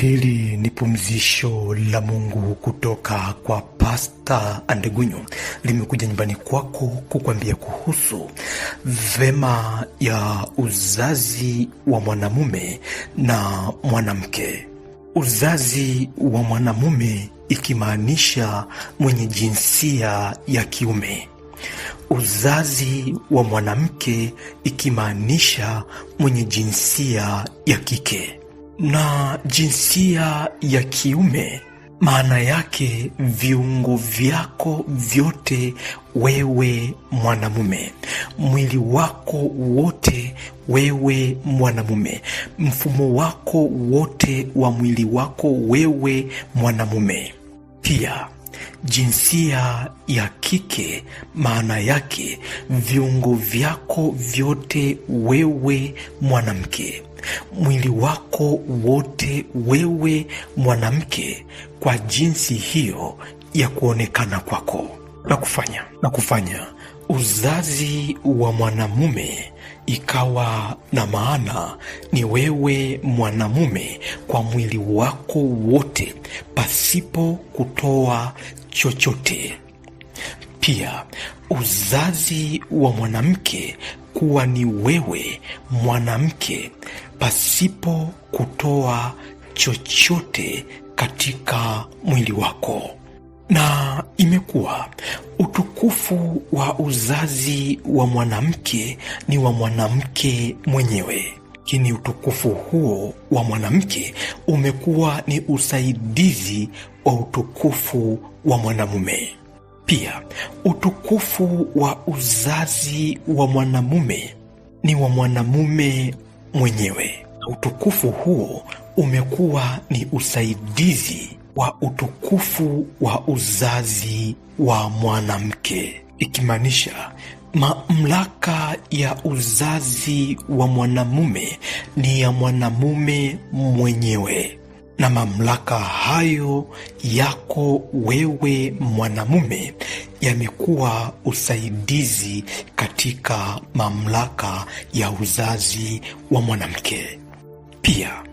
Hili ni pumzisho la Mungu kutoka kwa Pasta Andegunyu, limekuja nyumbani kwako kukwambia kuhusu vema ya uzazi wa mwanamume na mwanamke. Uzazi wa mwanamume ikimaanisha mwenye jinsia ya kiume, uzazi wa mwanamke ikimaanisha mwenye jinsia ya kike na jinsia ya kiume, maana yake viungo vyako vyote, wewe mwanamume, mwili wako wote, wewe mwanamume, mfumo wako wote wa mwili wako, wewe mwanamume. Pia Jinsia ya kike maana yake viungo vyako vyote wewe mwanamke, mwili wako wote wewe mwanamke, kwa jinsi hiyo ya kuonekana kwako na kufanya na kufanya uzazi wa mwanamume ikawa na maana ni wewe mwanamume kwa mwili wako wote pasipo kutoa chochote. Pia uzazi wa mwanamke kuwa ni wewe mwanamke pasipo kutoa chochote katika mwili wako. Na imekuwa Utukufu wa uzazi wa mwanamke ni wa mwanamke mwenyewe. Lakini utukufu huo wa mwanamke umekuwa ni usaidizi wa utukufu wa mwanamume. Pia utukufu wa uzazi wa mwanamume ni wa mwanamume mwenyewe. Utukufu huo umekuwa ni usaidizi wa utukufu wa uzazi wa mwanamke, ikimaanisha mamlaka ya uzazi wa mwanamume ni ya mwanamume mwenyewe, na mamlaka hayo yako wewe mwanamume yamekuwa usaidizi katika mamlaka ya uzazi wa mwanamke. Pia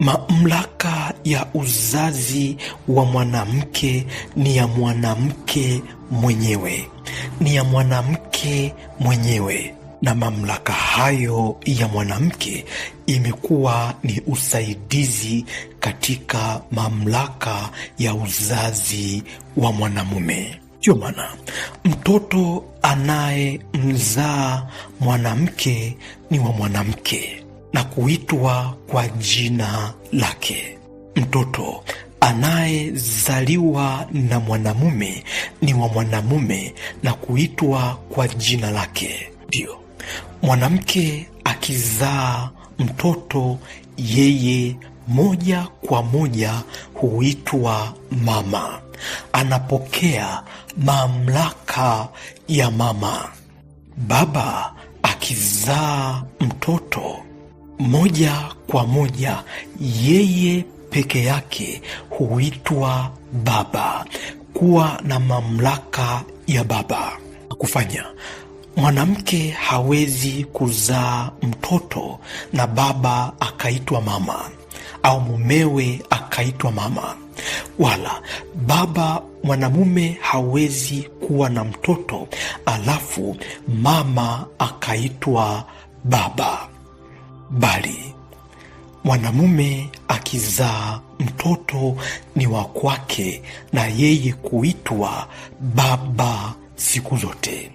Mamlaka ya uzazi wa mwanamke ni ya mwanamke mwenyewe, ni ya mwanamke mwenyewe, na mamlaka hayo ya mwanamke imekuwa ni usaidizi katika mamlaka ya uzazi wa mwanamume. Ndiyo maana mtoto anayemzaa mwanamke ni wa mwanamke na kuitwa kwa jina lake. Mtoto anayezaliwa na mwanamume ni wa mwanamume na kuitwa kwa jina lake. Ndiyo, mwanamke akizaa mtoto, yeye moja kwa moja huitwa mama, anapokea mamlaka ya mama. Baba akizaa mtoto moja kwa moja, yeye peke yake huitwa Baba, kuwa na mamlaka ya Baba kufanya mwanamke hawezi kuzaa mtoto na baba akaitwa mama au mumewe akaitwa mama, wala baba mwanamume hawezi kuwa na mtoto alafu mama akaitwa baba bali mwanamume akizaa mtoto ni wa kwake, na yeye kuitwa baba siku zote.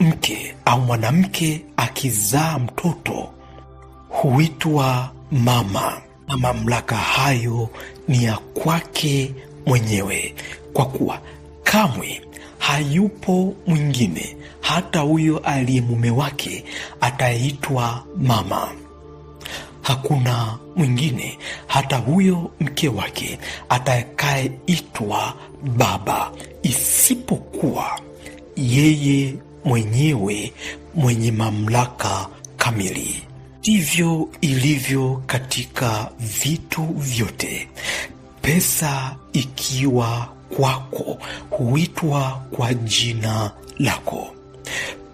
Mke au mwanamke akizaa mtoto huitwa mama, na mamlaka hayo ni ya kwake mwenyewe, kwa kuwa kamwe hayupo mwingine hata huyo aliye mume wake ataitwa mama, hakuna mwingine hata huyo mke wake atakayeitwa baba, isipokuwa yeye mwenyewe mwenye mamlaka kamili. Ndivyo ilivyo katika vitu vyote. Pesa ikiwa kwako huitwa kwa jina lako.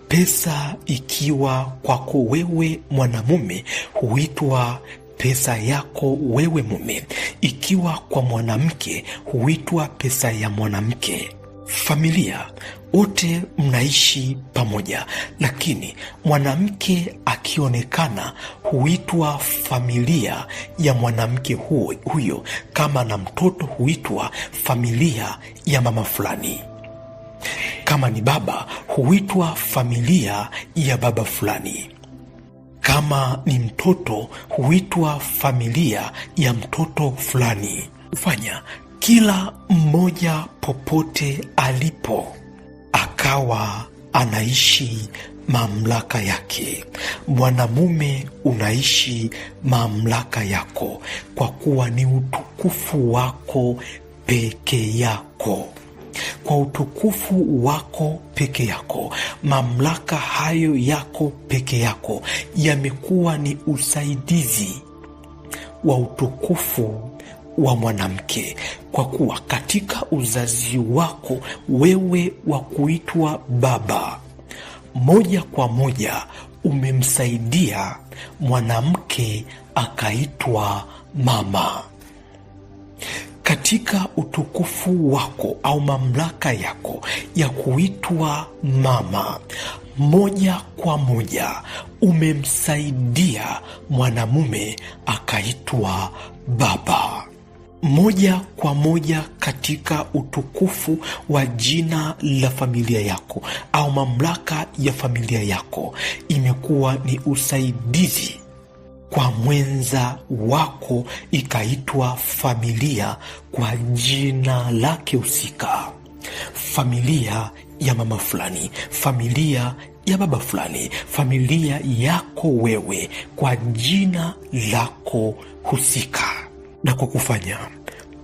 Pesa ikiwa kwako wewe mwanamume huitwa pesa yako wewe mume, ikiwa kwa mwanamke huitwa pesa ya mwanamke. Familia wote mnaishi pamoja, lakini mwanamke akionekana huitwa familia ya mwanamke huo, huyo kama na mtoto huitwa familia ya mama fulani. Kama ni baba huitwa familia ya baba fulani. Kama ni mtoto huitwa familia ya mtoto fulani. Hufanya kila mmoja popote alipo akawa anaishi mamlaka yake. Mwanamume unaishi mamlaka yako, kwa kuwa ni utukufu wako peke yako kwa utukufu wako peke yako. Mamlaka hayo yako peke yako yamekuwa ni usaidizi wa utukufu wa mwanamke, kwa kuwa katika uzazi wako wewe wa kuitwa baba, moja kwa moja umemsaidia mwanamke akaitwa mama katika utukufu wako au mamlaka yako ya kuitwa mama, moja kwa moja umemsaidia mwanamume akaitwa baba moja kwa moja katika utukufu wa jina la familia yako au mamlaka ya familia yako imekuwa ni usaidizi kwa mwenza wako ikaitwa familia kwa jina lake husika, familia ya mama fulani, familia ya baba fulani, familia yako wewe kwa jina lako husika, na kwa kufanya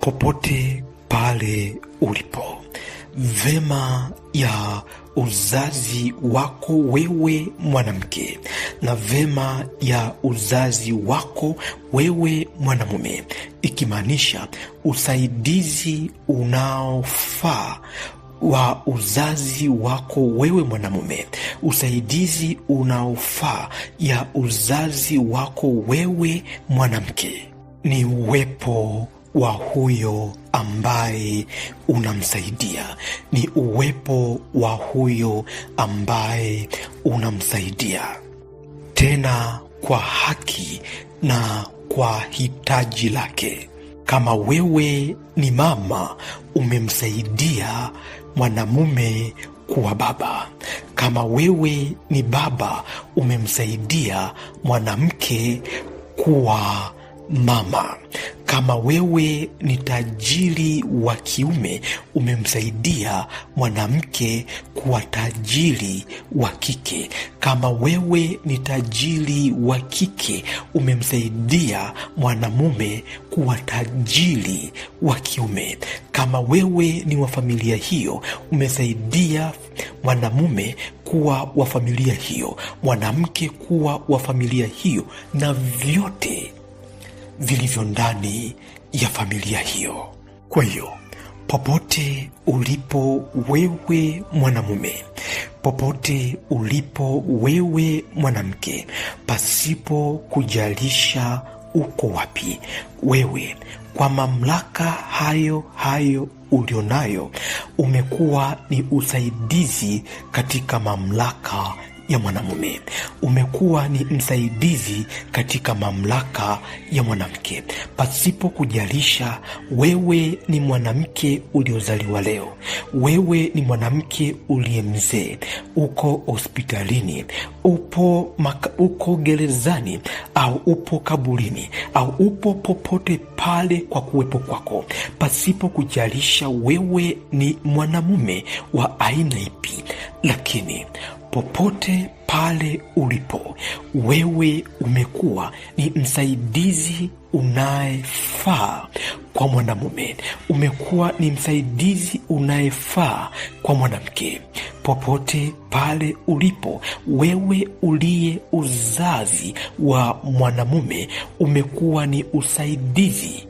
popote pale ulipo, vema ya uzazi wako wewe mwanamke na vema ya uzazi wako wewe mwanamume, ikimaanisha usaidizi unaofaa wa uzazi wako wewe mwanamume, usaidizi unaofaa ya uzazi wako wewe mwanamke ni uwepo wa huyo ambaye unamsaidia, ni uwepo wa huyo ambaye unamsaidia, tena kwa haki na kwa hitaji lake. Kama wewe ni mama, umemsaidia mwanamume kuwa baba. Kama wewe ni baba, umemsaidia mwanamke kuwa mama. Kama wewe ni tajiri wa kiume, umemsaidia mwanamke kuwa tajiri wa kike. Kama wewe ni tajiri wa kike, umemsaidia mwanamume kuwa tajiri wa kiume. Kama wewe ni wa familia hiyo, umesaidia mwanamume kuwa wa familia hiyo, mwanamke kuwa wa familia hiyo, na vyote vilivyo ndani ya familia hiyo. Kwa hiyo popote ulipo wewe mwanamume, popote ulipo wewe mwanamke, pasipo kujalisha uko wapi wewe, kwa mamlaka hayo hayo ulionayo, umekuwa ni usaidizi katika mamlaka ya mwanamume, umekuwa ni msaidizi katika mamlaka ya mwanamke, pasipo kujalisha wewe ni mwanamke uliozaliwa leo, wewe ni mwanamke uliye mzee, uko hospitalini, upo maka, uko gerezani, au upo kaburini, au upo popote pale kwa kuwepo kwako, pasipo kujalisha wewe ni mwanamume wa aina ipi, lakini Popote pale ulipo wewe, umekuwa ni msaidizi unayefaa kwa mwanamume, umekuwa ni msaidizi unayefaa kwa mwanamke. Popote pale ulipo wewe, uliye uzazi wa mwanamume, umekuwa ni usaidizi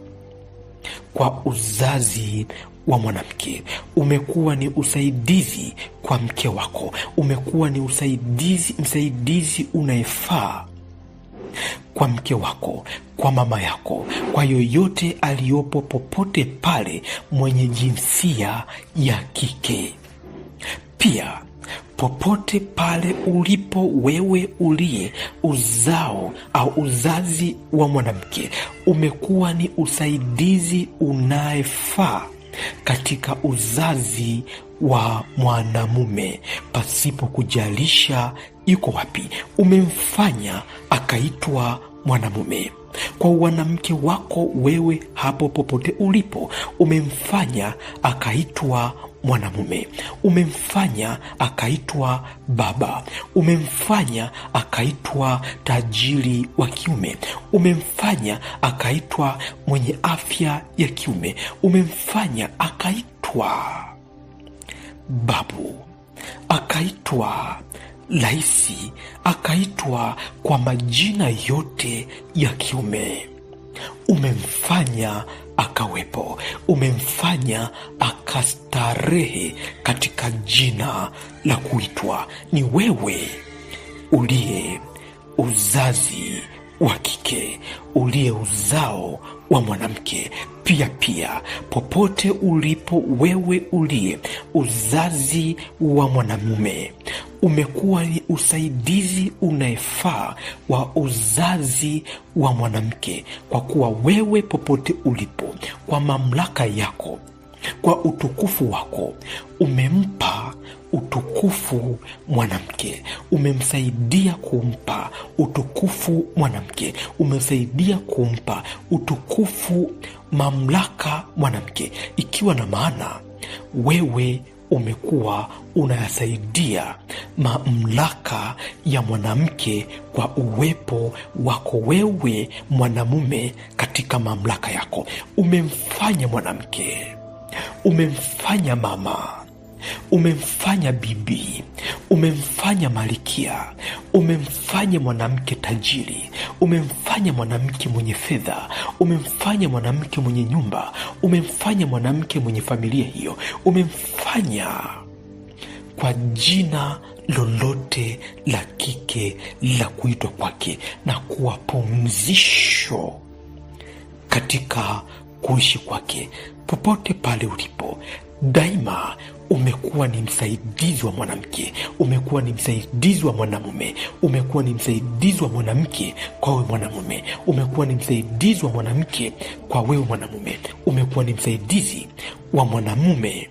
kwa uzazi wa mwanamke, umekuwa ni usaidizi kwa mke wako, umekuwa ni usaidizi, msaidizi unayefaa kwa mke wako, kwa mama yako, kwa yoyote aliyopo popote pale mwenye jinsia ya kike. Pia popote pale ulipo wewe uliye uzao au uzazi wa mwanamke, umekuwa ni usaidizi unayefaa katika uzazi wa mwanamume pasipo kujalisha yuko wapi. Umemfanya akaitwa mwanamume. Kwa wanamke wako wewe, hapo popote ulipo, umemfanya akaitwa mwanamume, umemfanya akaitwa baba, umemfanya akaitwa tajiri wa kiume, umemfanya akaitwa mwenye afya ya kiume, umemfanya akaitwa babu, akaitwa raisi, akaitwa kwa majina yote ya kiume, umemfanya akawepo, umemfanya akastarehe katika jina la kuitwa. Ni wewe uliye uzazi wa kike uliye uzao wa mwanamke. Pia pia popote ulipo wewe uliye uzazi wa mwanamume, umekuwa ni usaidizi unayefaa wa uzazi wa mwanamke, kwa kuwa wewe popote ulipo, kwa mamlaka yako, kwa utukufu wako, umempa utukufu mwanamke, umemsaidia kumpa utukufu mwanamke, umemsaidia kumpa utukufu mamlaka mwanamke, ikiwa na maana wewe umekuwa unayasaidia mamlaka ya mwanamke kwa uwepo wako wewe mwanamume katika mamlaka yako. Umemfanya mwanamke, umemfanya mama Umemfanya bibi, umemfanya malikia, umemfanya mwanamke tajiri, umemfanya mwanamke mwenye fedha, umemfanya mwanamke mwenye nyumba, umemfanya mwanamke mwenye familia hiyo, umemfanya kwa jina lolote la kike la kuitwa kwake, na kuwa pumzisho katika kuishi kwake, popote pale ulipo daima umekuwa ni msaidizi wa mwanamke, umekuwa ni msaidizi wa mwanamume, umekuwa ni msaidizi wa mwanamke kwa wewe mwanamume, umekuwa ni msaidizi wa mwanamke kwa wewe mwanamume, umekuwa ni msaidizi wa mwanamume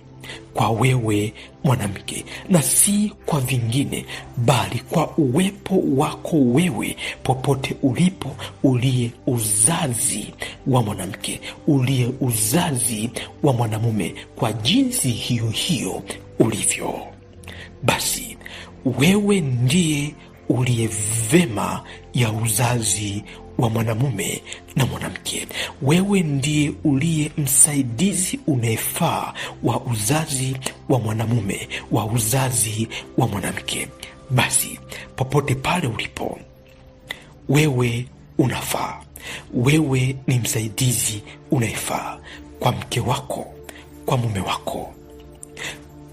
kwa wewe mwanamke, na si kwa vingine, bali kwa uwepo wako wewe, popote ulipo, uliye uzazi wa mwanamke, uliye uzazi wa mwanamume, kwa jinsi hiyo hiyo ulivyo, basi wewe ndiye uliye vema ya uzazi wa mwanamume na mwanamke. Wewe ndiye uliye msaidizi unayefaa wa uzazi wa mwanamume, wa uzazi wa mwanamke. Basi popote pale ulipo wewe unafaa, wewe ni msaidizi unayefaa kwa mke wako, kwa mume wako,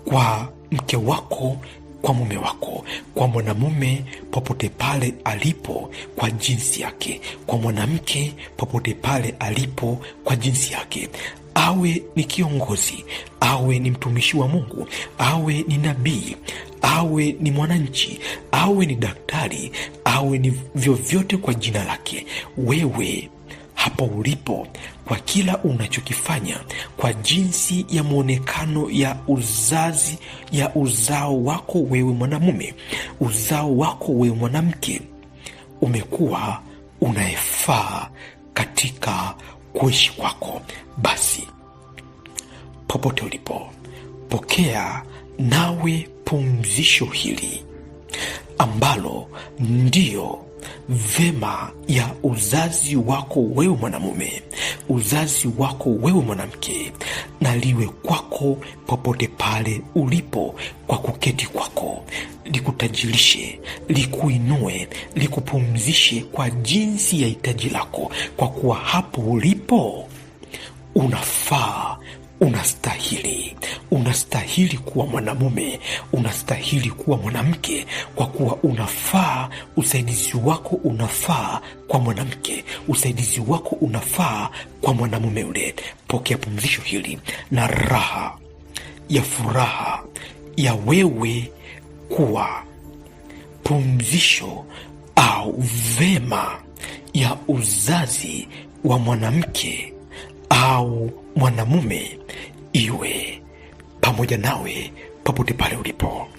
kwa mke wako kwa mume wako, kwa mwanamume popote pale alipo kwa jinsi yake, kwa mwanamke popote pale alipo kwa jinsi yake, awe ni kiongozi, awe ni mtumishi wa Mungu, awe ni nabii, awe ni mwananchi, awe ni daktari, awe ni vyovyote kwa jina lake, wewe hapo ulipo kwa kila unachokifanya, kwa jinsi ya mwonekano ya uzazi ya uzao wako wewe mwanamume, uzao wako wewe mwanamke, umekuwa unayefaa katika kuishi kwako. Basi popote ulipo, pokea nawe pumzisho hili ambalo ndio vema ya uzazi wako wewe mwanamume, uzazi wako wewe mwanamke, na liwe kwako popote pale ulipo, kwa kuketi kwako likutajirishe, likuinue, likupumzishe kwa jinsi ya hitaji lako, kwa kuwa hapo ulipo unafaa unastahili, unastahili kuwa mwanamume, unastahili kuwa mwanamke, kwa kuwa unafaa. Usaidizi wako unafaa kwa mwanamke, usaidizi wako unafaa kwa mwanamume ule Pokea pumzisho hili na raha ya furaha ya wewe kuwa pumzisho au vema ya uzazi wa mwanamke au mwanamume iwe pamoja nawe popote pale ulipo.